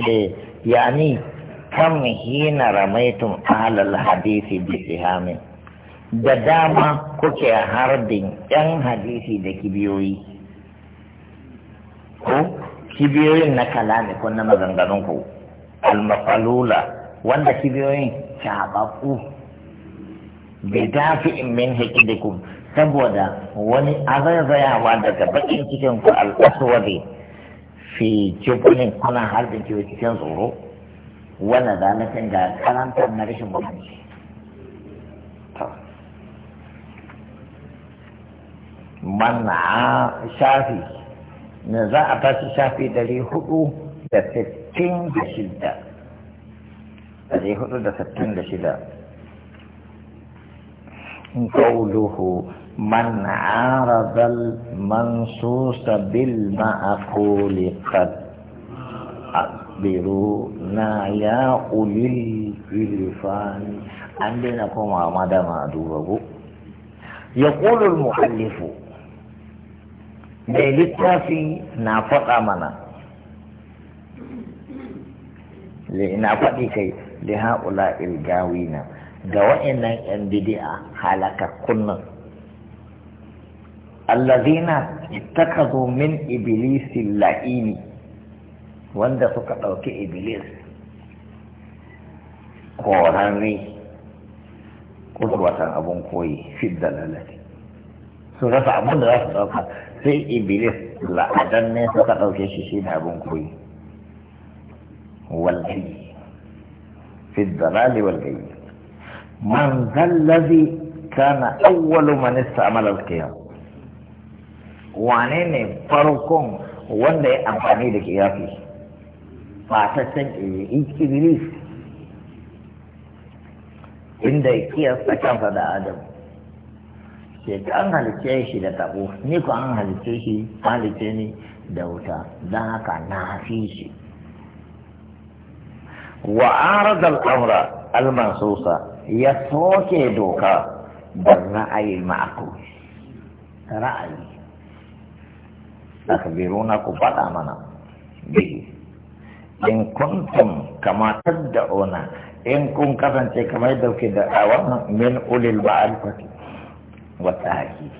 Eh, yani kam hina ramaitun alal hadisi da sihamin da dama kuke harbin yan hadisi da kibiyoyi ko kibiyoyin na kalami ko na maganganun ku almafalula wanda kibiyoyin shabaku bi in min hikidikum saboda wani azaizayawa daga bakin cikin ku al'aswadi fi jibunin kuna harbin kiwo cikin tsoro wani zalatin ga karantar na rashin mutunci manna shafi na za a tashi shafi dari hudu da sittin da shida dari hudu da sittin da shida قوله من عارض المنصوص بالمعقول قد أخبرونا يا أولي الإلفان عندنا عمد ما معدوره يقول المؤلف للتافي نافق أمنا لنافق كي لهؤلاء الجاوين دوائنا ان بدئة حالك كنت الذين اتخذوا من إبليس اللئيم وند سكتوك إبليس قراني قدوة أبو كوي في الدلالة سورة أبو الله في إبليس لأدن سكتوك شيشين أبو كوي والغي في الضلال والغي من ذا الذي كان أول من استعمل القيام wane ne farkon wanda ya amfani da kiyafi fataccen iblis inda ya kiyasta kansa da adam Ke an halice shi da tabo ni ko an halice shi halice ni da wuta don haka na fi shi wa arada al-amra al-mansusa ya soke doka da ra'ayi ma'aku ra'ayi تخبرونكم فلا منا به إن كنتم كما تدعون إن كنتم كفن كما يدعو كدعوان من أولي المعرفة والتأكيد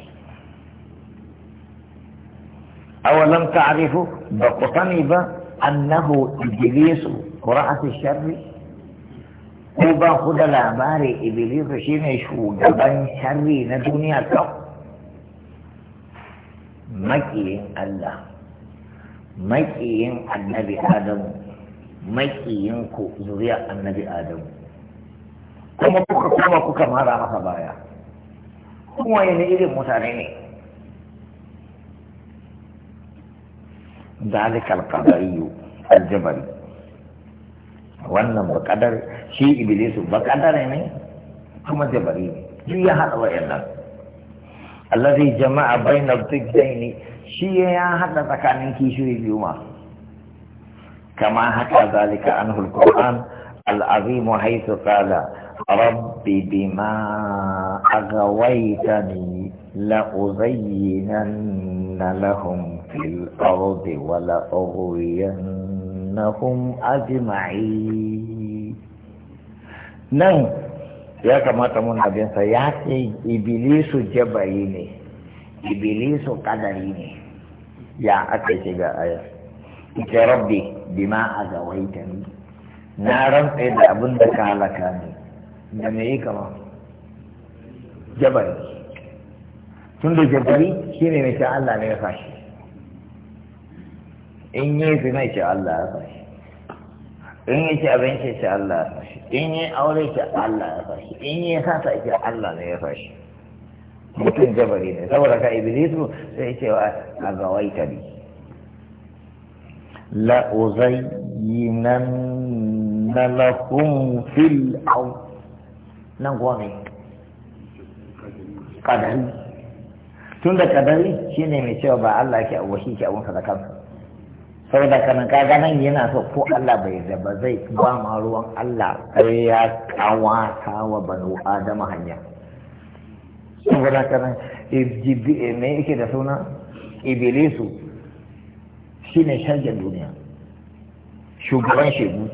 أولم تعرفوا بقطنبة أنه إبليس قراءة الشر وبا خد الأمار إبليس شين شو دبان شر الدنيا تقوى maƙiyin Allah maƙiyin annabi Adamu maƙiyin ku zuriya annabi Adamu kuma kuka kuma kuka mara masa baya kuma yana irin mutane ne ذلك القدري Aljabari, wannan bakadar shi iblisu bakadar ne kuma jabari ne shi ya haɗa wa'annan allazi jama'a baina dhikraini shi ya hada tsakanin kishiri biyu kama kama haka zalika anhu alquran alazim wa haythu qala rabbi bima aghawaitani la uzayyinanna lahum fil ardi wa la uhyinnahum ajma'i nan ya kamata muna binsa ya ce ibilisu jabari ne ibilisu kadari ne ya aka shiga aya. ita rabbi bima a waita ni na rantsa da abin da ka halaka ni da me yi kama jabari tun da jabari shi ne mai Allah ne ya fashi in yi zina ce Allah ya fashi in yi ci abinci ce Allah ya fashi in yi aure ce Allah ya fashi in yi sata ce Allah ne ya fashi mutum jabari ne saboda ka iblisu sai ce wa a ta bi la uzayyinan na lakum fil au nan kuwa ne kadari tun da kadari shine mai cewa ba Allah ke abuwa shi ke abunsa da kansa saboda kanan ka ganin yana so ko Allah bai yarda ba zai ba ma ruwan Allah sai ya kawata wa banu adama hanya saboda kanan eh, me yake da suna ibilisu shine shagen duniya shugaban shegu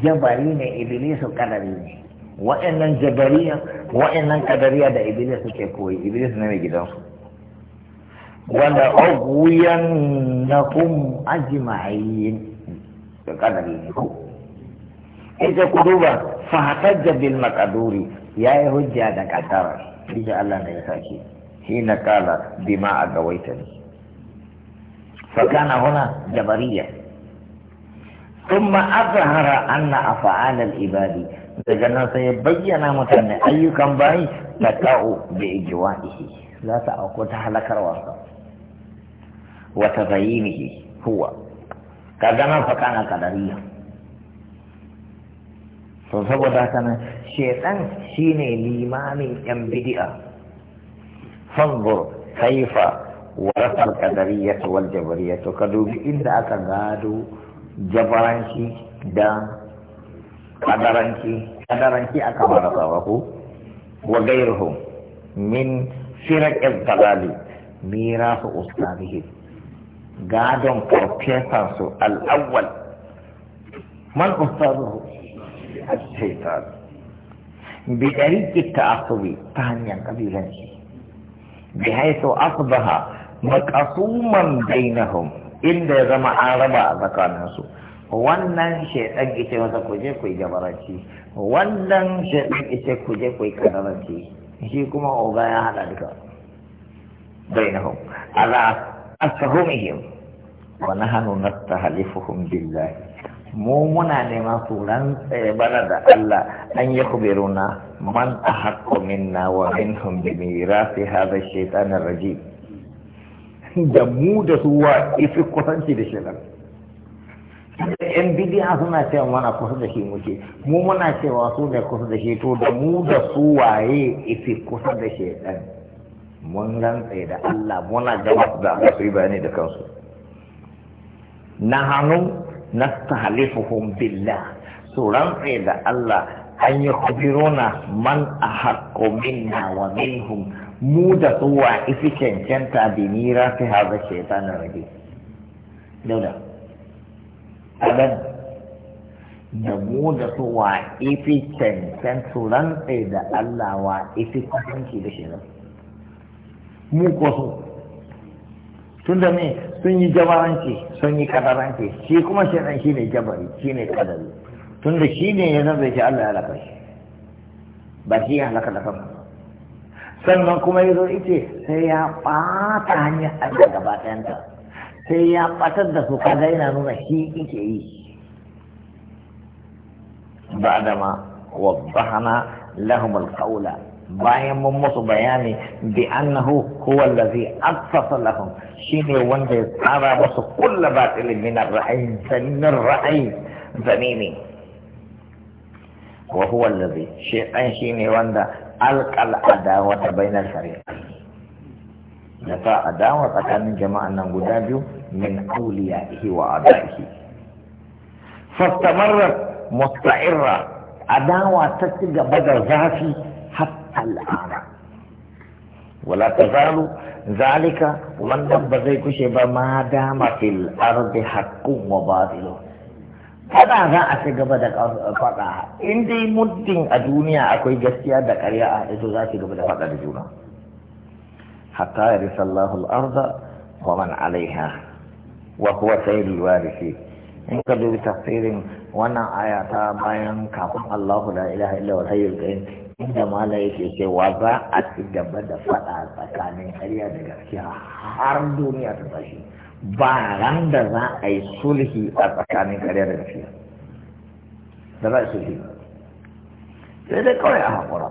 jabari ne ibilisu kadari ne wa'annan jabariya wa'annan kadariya da ibilisu ke koyi ibilisu ne mai gidansu wala ɔguyan nakum ajimahayin to kana ni oh. kuduba fa hatajja makaduri ya yi hujja da kadara insha Allah ne yasa ki hina kala bima agawaitani fa huna jabariya thumma azhara anna af'al al ibadi daga nan sai bayyana mutane ayyukan bayi ta ta'u bi ijwaihi za ta auko ta halakar wasu وتبيينه هو كذا فكان قدريا to saboda haka nan shedan shine limamin yan bid'a fanzur kaifa warasa al-qadariyya wal jabariyya to ka dubi inda aka gado jabaranci da kadaranci kadaranci aka marasa wa ku gadon profesor su al'awwal man ustazuhu al-shaytan bi tariqi ta'aqubi ta hanyar kabilanci bi haythu asbaha maqsuman bainahum inda ya zama an raba tsakanin su wannan shaytan gice wata kuje kuyi gabaraci wannan shaytan gice kuje kuyi kadaraci shi kuma oga ya hada duka bainahum ala أسهمهم ونحن نستهلفهم بالله mu muna nema sunan bana da Allah an yi kubiruna man a haƙƙo minna wa minhum bi mirasi hada shaitanin raji da mu da su wa ifi kusanci da shaitan yan bidiya suna cewa mana kusa da shi muke mu muna cewa su ne kusa da shi to da mu da su waye ifi kusa da shaitan mun rantsa da Allah muna gaba da su yi bayani da kansu na hannu na billah su rantsa da Allah an yi na man a haƙƙo minna wa minhum mu da tsuwa ifi cancanta da nira fi haza na rage dauda adan da mu da tsuwa isi cancanta rantsa da Allah wa ifi kusanci da shaitan mu ko so tun da ne sun yi jabaranci sun yi kadaranci shi kuma shaidan shi ne jabari shi ne kadari tun da shi ne ya zai shi Allah ya halaka shi ba shi ya halaka da kansa sannan kuma ya zo ice sai ya ɓata hanyar Allah gaba ɗayanta sai ya ɓatar da su kaga yana nuna shi ike yi ba da ma wabbahana lahumul qawla bayan mun musu bayani bi annahu huwa allazi assasa lahum shine wanda ya tsara musu kullu batil min ar-ra'ayi sanin ar-ra'ayi zamimi wa huwa allazi shaytan shine wanda alqal adawa ta bainal fariqayn da ta adawa tsakanin jama'an nan guda biyu min awliyaihi wa adaihi fastamarrat mustairra adawa ta ci gaba da zafi al'ana wala zalika wannan ba zai kushe ba ma dama fil ardi haqqun wa za a ci gaba da faɗa in dai muddin a duniya akwai gaskiya da ƙarya a ito za ci gaba da faɗa da juna hatta ya risa Allahul arda wa man alaiha wa huwa sayyidul warisi in ka dubi tafsirin wannan aya ta bayan kafin Allahu la ilaha illa wa sayyidul inda mala yake cewa za a ci gaba da faɗa tsakanin karya da gaskiya har duniya ta tashi ba ran da za a yi sulhi a tsakanin karya da gaskiya da za a yi sulhi sai dai kawai a haƙura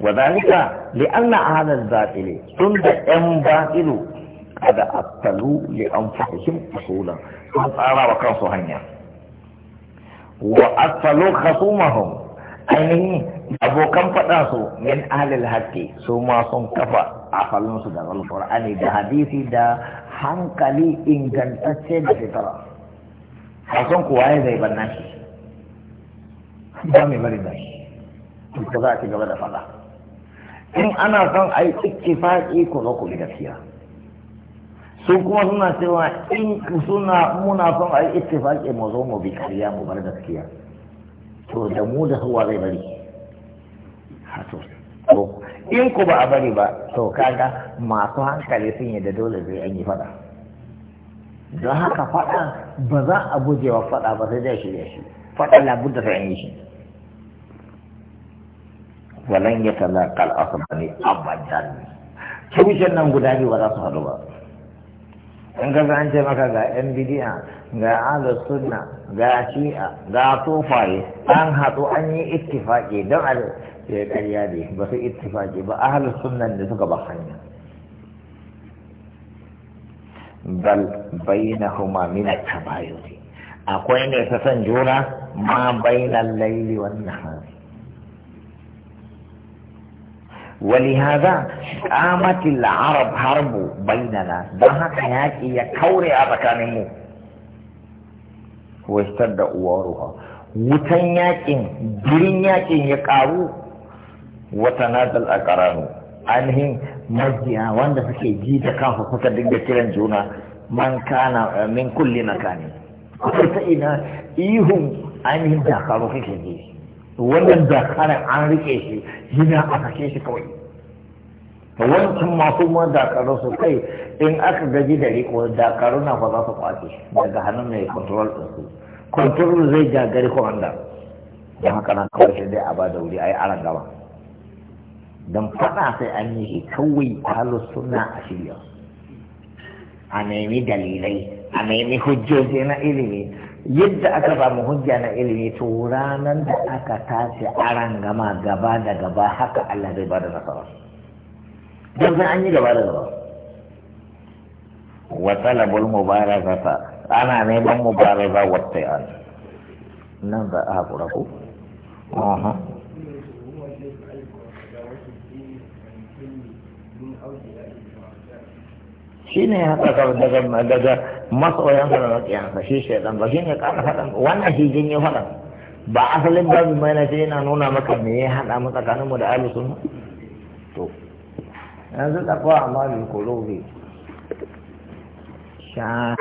wadalika li anna ahadal batili tun da yan batilu kada attalu li anfusihim usulan sun tsara wa kansu hanya wa attalu khasumahum ainihin abokan faɗa su min ahlil haƙƙi su ma sun kafa afalin su da alƙur'ani da hadisi da hankali ingantacce da fitara hasan kuwa ya zai banna shi ba mai bari da shi ko za a ci gaba da faɗa in ana son a yi faɗi ko za ku gaskiya su kuma suna cewa in suna muna son a yi faɗi mu zo mu bi kariya mu bar gaskiya to da mu da hawa zai bari hato in ku ba a bari ba to kaga masu hankali sun yi da dole zai an yi fada don haka fada ba za a guje wa fada ba sai dai ya shi fada budda sai an yi shi walan ya kal al'asabani abadan tushen nan guda biyu ba za su haɗu ba in ga an ce maka ga yan ga ala sunna ga shi'a ga tufaye an haɗu an yi ittifaƙi don a ya ƙarya ne ba su ittifaƙi ba ahal sunnan da suka ba hanya bal bayyana huma mina tabayuri akwai ne ta san juna ma bayyana laili wannan hari ولهذا قامت العرب حرب بيننا ده هكا يا كوري أبكانمو wastar da ruwa wutan yakin birin yakin ya karu wata nazal a karanu ainihin majiya wanda suke ji da kafa kusa dinga kiran juna man kana min kulli makani kuma ta ina ihun ainihin dakaru kake ji wannan dakaran an rike shi yana a sake shi kawai wancan masu ma dakarun su kai in aka gaji da riko dakarun na fa za su kwace daga hannun mai control din su control zai gagari komanda don haka nan kawai sai dai a ba da wuri a yi aran gaba don faɗa sai an yi kawai halu suna a shirya a nemi dalilai a nemi hujjoji na ilimi yadda aka samu hujja na ilimi to ranar da aka tashi aran gama gaba da gaba haka Allah zai ba da nasara. don sai an yi gaba da gaba wa talabul mubarakata ana neman mubaraka wata an nan za a haƙura ku shi ne ya haka daga daga masoyan da makiyansa shi shaidan ba shi ne ƙara faɗan wannan shi jin yi faɗan ba asalin babu mai na shi yana nuna maka me ya haɗa mu tsakaninmu da alusun yanzu ɗakwa amalin kulubi sha